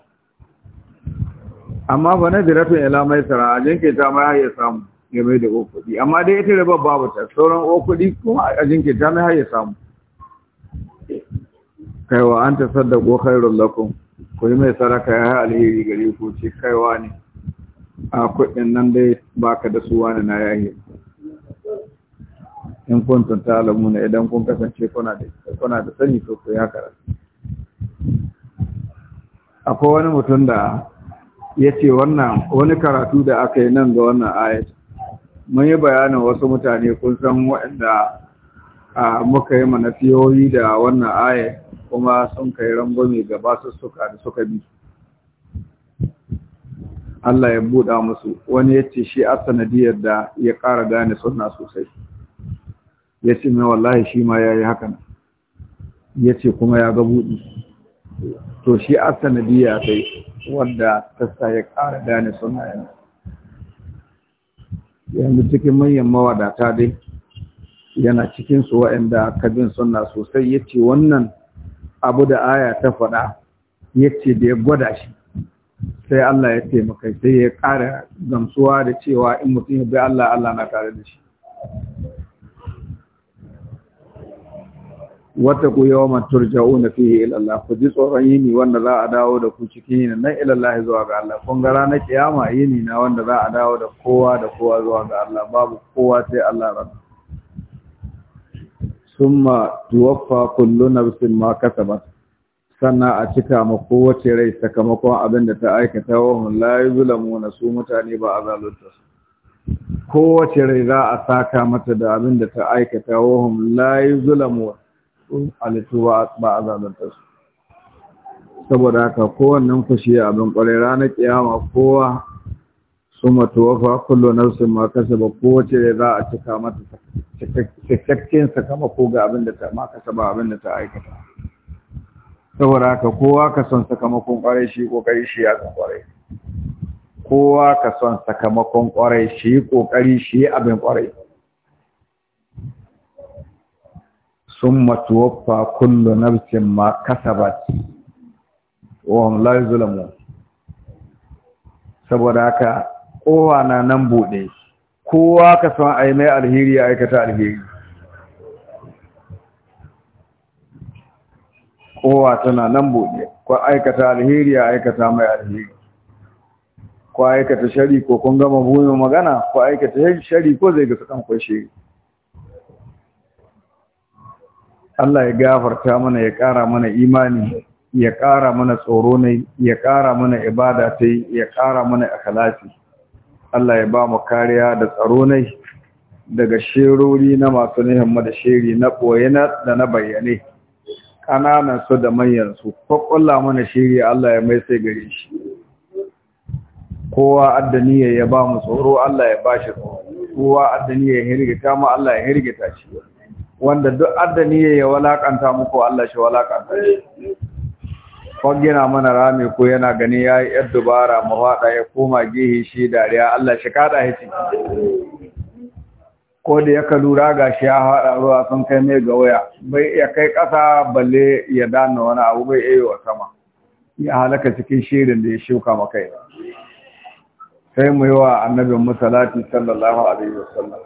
amma ba na zirafin ila mai tsara a jinkirta ma ya samu ya mai da okudi amma dai ita ribar babu ta sauran okudi kuma a jinkirta ma ya samu kaiwa an ta saddako khairun lakum ku yi mai saraka ya alheri gare ku ce kaiwa ne a kudin nan dai baka da suwa na yayi in kuntum na idan kun kasance kuna da kuna da sani sosai ya karatu akwai wani mutum da ya ce wannan wani karatu da aka yi nan ga wannan ayat mun yi bayanin wasu mutane kun san waɗanda muka yi manafiyoyi da wannan ayat kuma sun kai rangwame ga suka da suka bi Allah ya buɗa musu wani ya ce shi a sanadiyar da ya ƙara gane suna sosai ya ce mai wallahi shi ma ya yi hakan ya ce kuma ya ga buɗi to shi a sanadiyar wadda ta sa ya ƙara gane sunayen yanzu cikin manyan mawadata dai yana cikin su waɗanda bin suna sosai ya ce wannan abu da aya ta faɗa ya ce da ya gwada shi sai Allah ya taimaka sai ya ƙara gamsuwa da cewa in mutum ya bi Allah Allah na tare da shi wata ku yawa matur ja'u na yi ilallah ku ji tsoron yini wanda za a dawo da ku cikin yini nan ilallah zuwa ga Allah kun ga ranar kiyama yini na wanda za a dawo da kowa da kowa zuwa ga Allah babu kowa sai Allah ran summa tuwaffa kullu nafsin ma kasabat sannan a cika ma kowace rai sakamakon abin da ta aikata wa hum la yuzlamuna su mutane ba zalunta su kowace rai za a saka mata da abin da ta aikata wa hum la yuzlamuna halittu ba a zalunta su saboda haka kowannan ku shi abin kwarai ranar kiyama kowa su kullum na su ma ba kowace da za a cika mata cikakken sakamako ga abin da ta ma kasaba abin da ta aikata saboda haka kowa ka son sakamakon ƙwarai shi kokari shi ya san ƙwarai kowa ka son sakamakon ƙwarai shi kokari shi abin ƙwarai. ثم توفى كل نفس ما كسبت وهم لا يظلمون saboda haka kowa na nan buɗe kowa ka san ai mai alheri ya aikata alheri kowa tana nan buɗe ko aikata alheri ya aikata mai alheri ko aikata shari ko kun gama magana aikata shari ko zai ga kan kwashe Allah ya gafarta mana ya ƙara mana imani ya ƙara mana tsoro ne ya ƙara mana ibada ta yi, ya ƙara mana akalafi. Allah ya ba mu kariya da tsaro ne daga sherori na masu nihimma da sheri na ɓoye da na bayyane ƙananan su da manyan su kwakwalla mana shiri Allah ya mai sai gare shi kowa addaniya ya ba mu tsoro Allah ya ba shi tsoro kowa addaniya ya hirgita mu Allah ya hirgita shi wanda duk addani ya walakanta muku Allah shi walakanta shi gina mana rami ko yana gani ya yi ‘yar dubara mawaɗa ya koma gihi shi dariya Allah shi kaɗa ya ciki. Ko da ya ka lura ga shi ya haɗa ruwa sun kai mai ga waya, bai ya kai ƙasa balle ya dana wani abu bai iya wa sama, ya halaka cikin shirin da ya shuka makai. Sai mu yi wa annabin musalati sallallahu alaihi wasallam.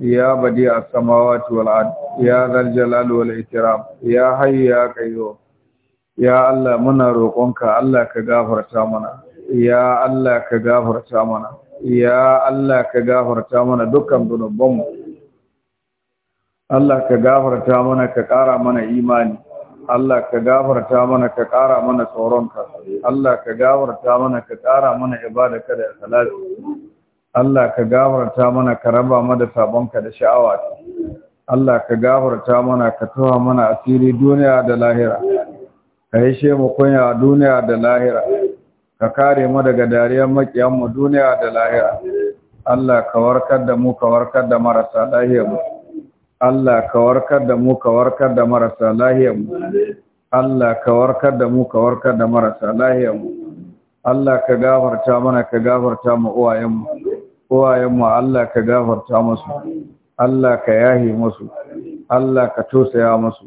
يا بديع السماوات والأرض يا ذا الجلال والإكرام يا حي يا قيوم يا الله منا روقنك الله كغفرتا منا يا الله كغفرتا منا يا الله كغفرتا منا دكان ذنوبنا الله ka gafarta mana ka ƙara mana imani Allah ka gafarta mana ka ƙara mana tsoronka Allah ka gafarta mana ka ƙara mana ibada kada ya salatu Allah ka gafarta mana ka raba mana da sabonka da sha'awa Allah ka gafarta mana ka tawa mana asiri duniya da lahira ka yashe mu kunya duniya da lahira ka kare mu daga dariyar makiyan mu duniya da lahira Allah ka warkar da mu ka warkar da marasa lahiyar mu Allah ka warkar da mu ka warkar da marasa lahiyar mu Allah ka warkar da mu ka warkar da marasa lahiyar mu Allah ka gafarta mana ka gafarta mu uwayen mu uwayenmu Allah ka gafarta musu Allah ka yahi masu Allah ka tosaya masu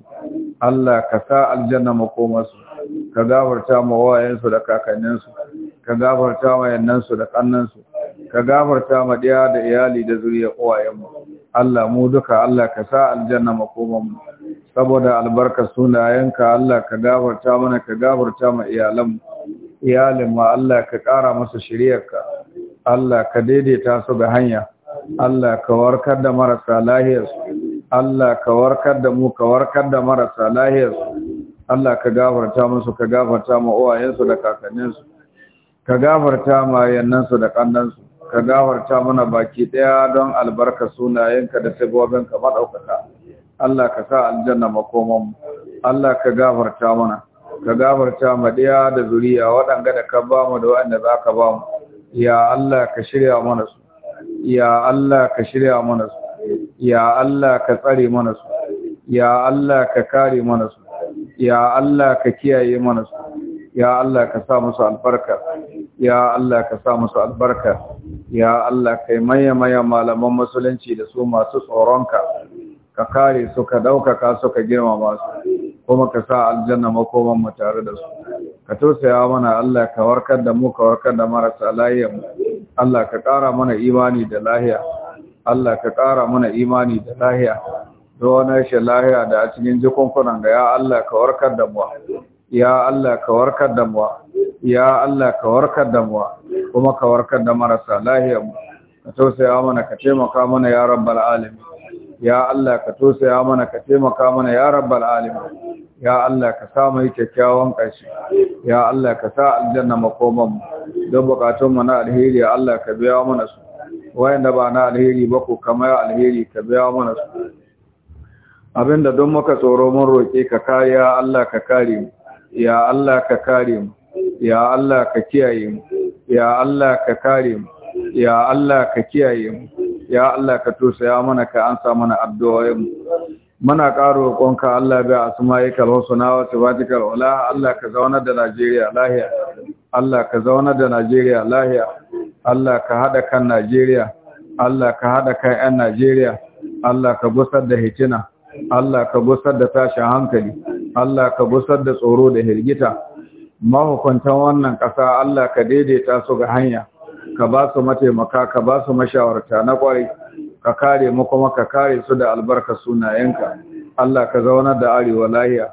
Allah ka sa aljanna makomarsu ka gafarta ma uwayensu da kakanninsu ka gafarta ma yannansu da kannansu ka gafarta ma ɗiya da iyali da zuriyar uwayenmu Allah mu duka Allah ka sa aljanna makomanmu saboda albarkar sunayenka Allah ka gafarta mana ka gafarta ma iyalanmu iyalin ma Allah ka ƙara masa shiryarka Allah ka daidaita su ga hanya Allah ka warkar da marasa lahiyarsu Allah ka warkar da mu ka warkar da marasa lahiyarsu Allah ka gafarta musu ka gafarta ma uwayensu da kakanninsu ka gafarta ma yannansu da kannansu ka gafarta mana baki daya don albarka sunayenka da sabobinka madaukaka Allah ka sa aljanna makoman Allah ka gafarta mana ka gafarta ma ɗaya da zuriya waɗanga da ka ba mu da waɗanda za ka ba mu ya Allah ka shirya mana su ya Allah ka shirya mana su ya Allah ka tsare mana su ya Allah ka kare mana su ya Allah ka kiyaye mana su ya Allah ka sa musu albarka ya Allah ka sa musu albarka ya Allah kai manya manya malaman musulunci da su masu tsoronka ka kare su ka ɗaukaka su ka girmama su kuma ka sa aljanna makoman mu tare da su ka tausaya mana Allah ka warkar da mu ka warkar da marasa lahiya Allah ka ƙara mana imani da lahiya Allah ka ƙara mana imani da lahiya don wani rashin lahiya da a cikin jikunkunan ga ya Allah ka warkar da mu ya Allah ka warkar da mu ya Allah ka warkar da mu kuma ka warkar da marasa lahiya ka tausaya mana ka taimaka mana ya rabbal alamin ya Allah ka tosaya mana ka taimaka mana ya rabbal alamin ya Allah ka sa mai kyakkyawan ƙarshe ya Allah ka sa aljanna makoman don bukatun mu na alheri ya Allah ka biya mana su wayanda ba na alheri ba ko kamar alheri ka biya mana su abinda don muka tsoro mun roƙe ka kare ya Allah ka kare mu ya Allah ka kare mu ya Allah ka kiyaye mu ya Allah ka kare mu ya Allah ka kiyaye mu ya Allah ka tosaya mana ka ansa mana addu'o'in muna ƙara konka Allah bai asma'ikal husna wa sifatikal ula Allah ka zauna da Najeriya lahiya Allah ka zauna da Najeriya lahiya Allah ka hada kan Najeriya Allah ka hada kan 'yan Najeriya Allah ka gusar da hitina Allah ka gusar da tashin hankali Allah ka gusar da tsoro da hirgita mahukuntan wannan ƙasa Allah ka daidaita su ga hanya ka ba su mataimaka ka ba su mashawarta na kwarai ka kare mu kuma ka kare su da albarka sunayenka Allah ka zaunar da arewa lahiya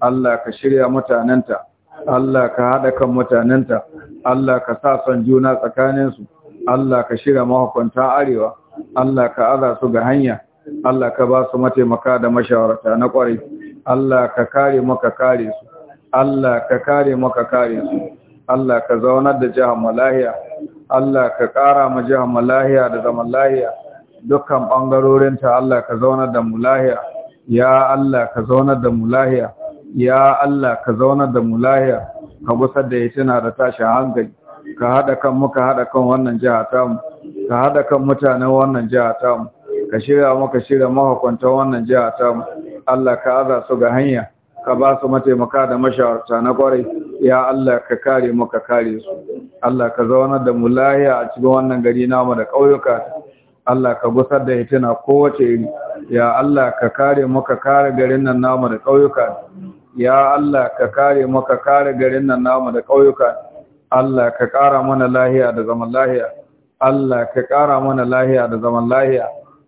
Allah ka shirya mutanenta Allah ka haɗa kan mutanenta Allah ka sa son juna tsakaninsu Allah ka shirya mahukunta arewa Allah ka aza su ga hanya Allah ka ba su mataimaka da mashawarta na kwarai Allah ka kare maka kare su Allah ka kare maka kare su Allah ka zaunar da jihar malahiya Allah ka ƙara ma jihar mu lahiya da zaman lahiya dukkan ɓangarorinta Allah ka zaunar da mu lahiya ya Allah ka zaunar da mu lahiya ya Allah ka zaunar da mu lahiya ka gusar da tuna da tashin hankali ka haɗa kan mu ka haɗa kan wannan jiha mu. ka haɗa kan mutanen wannan jiha mu. ka shirya mu ka shirya mahukuntan wannan jiha mu. Allah ka aza su ga hanya ka ba su mataimaka da mashawarta na kwarai ya Allah ka kare mu ka kare su Allah ka zauna da mu lahiya a cikin wannan gari namu da ƙauyuka Allah ka gusar da hitina kowace iri ya Allah ka kare mu ka kare garin nan namu da ƙauyuka ya Allah ka kare mu ka kare garin nan namu da ƙauyuka Allah ka ƙara mana lahiya da zaman lahiya Allah ka ƙara mana lahiya da zaman lahiya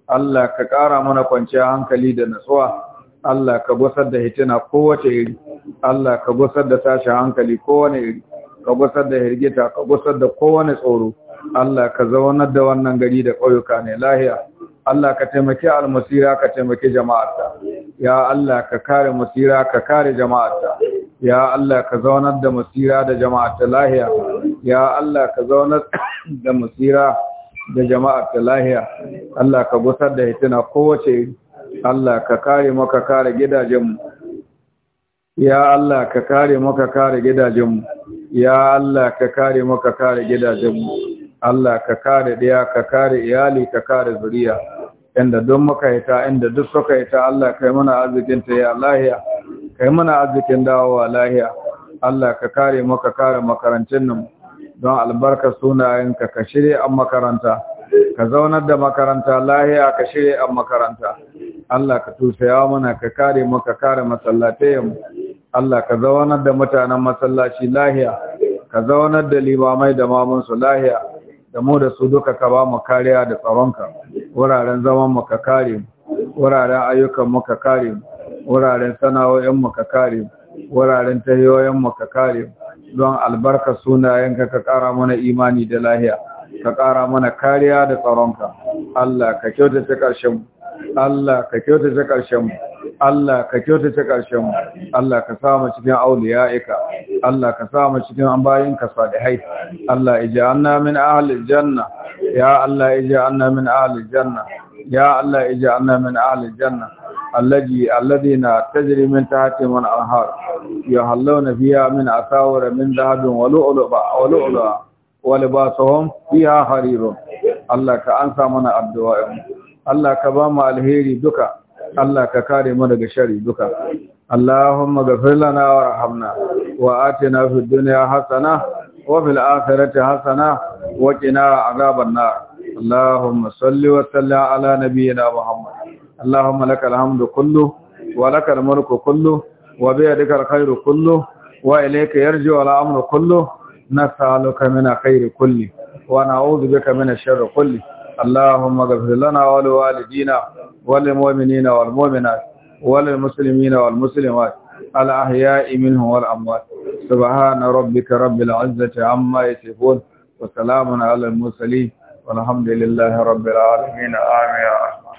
Allah ka ƙara mana kwanciyar hankali da natsuwa Allah ka gusar da hitina kowace iri Allah ka gusar da tashin hankali kowane iri ka gusar da hirgita ka gusar da kowane tsoro Allah ka zaunar da wannan gari da ƙauyuka ne lahiya Allah ka taimaki almasira ka taimaki jama'arta ya Allah ka kare masira ka kare jama'arta ya Allah ka zaunar da masira da jama'arta lahiya ya Allah ka zaunar da masira da jama'arta lahiya Allah ka gusar da hitina kowace Allah ka kare maka kare gidajenmu ya Allah ka kare maka kare gidajenmu ya Allah ka kare ka kare gidajenmu Allah ka kare ɗaya ka kare iyali ka kare zuriya inda don makaita inda duk suka yi ta Allah kai mana arzikin ta ya lahiya kai mana arzikin dawowa lahiya Allah ka kare maka kare makarantun nan don albarka sunayenka ka shirye an makaranta ka zaunar da makaranta lahiya ka shirye an makaranta Allah ka tusaya mana ka kare ka kare masallatayen Allah ka zaunar da mutanen masallaci lahiya ka zaunar da limamai da su lahiya da mu da su duka ka ba mu kariya da tsaronka wuraren zaman mu ka kare wuraren ayyukan mu ka kare mu wuraren sana'o'in mu ka kare wuraren tahiyoyin mu ka kare don albarka sunayenka ka kara mana imani da lahiya ka kara mana kariya da tsaronka Allah ka kyautata Allah ka kyautata ƙarshen mu Allah ka kyautata ƙarshen mu Allah ka sa mu cikin auliya'ika Allah ka sa mu cikin ambayin ka salihai Allah ij'alna min ahli janna ya Allah ij'alna min ahli janna ya Allah ij'alna min ahli janna min الذي الذين تجري من تحتهم الانهار يحلون فيها من اساور من ذهب ولؤلؤا ولؤلؤا ولباسهم فيها حرير Allah ka ansa mana addu'a Allah ka ba mu alheri duka Allah ka kare mu daga shari duka Allahumma ghafir lana warhamna wa atina fid dunya hasana wa fil akhirati hasana wa qina adhaban nar Allahumma salli wa sallim ala nabiyyina Muhammad Allahumma lakal hamdu kullu wa lakal mulku kullu wa bi yadika khairu kullu wa ilayka yarji'u al amru kullu nas'aluka min khairi kulli wa na'udhu bika min sharri kulli اللهم اغفر لنا ولوالدينا وللمؤمنين والمؤمنات وللمسلمين والمسلمات الأحياء منهم والأموات سبحان ربك رب العزة عما يصفون وسلام على المرسلين والحمد لله رب العالمين آمين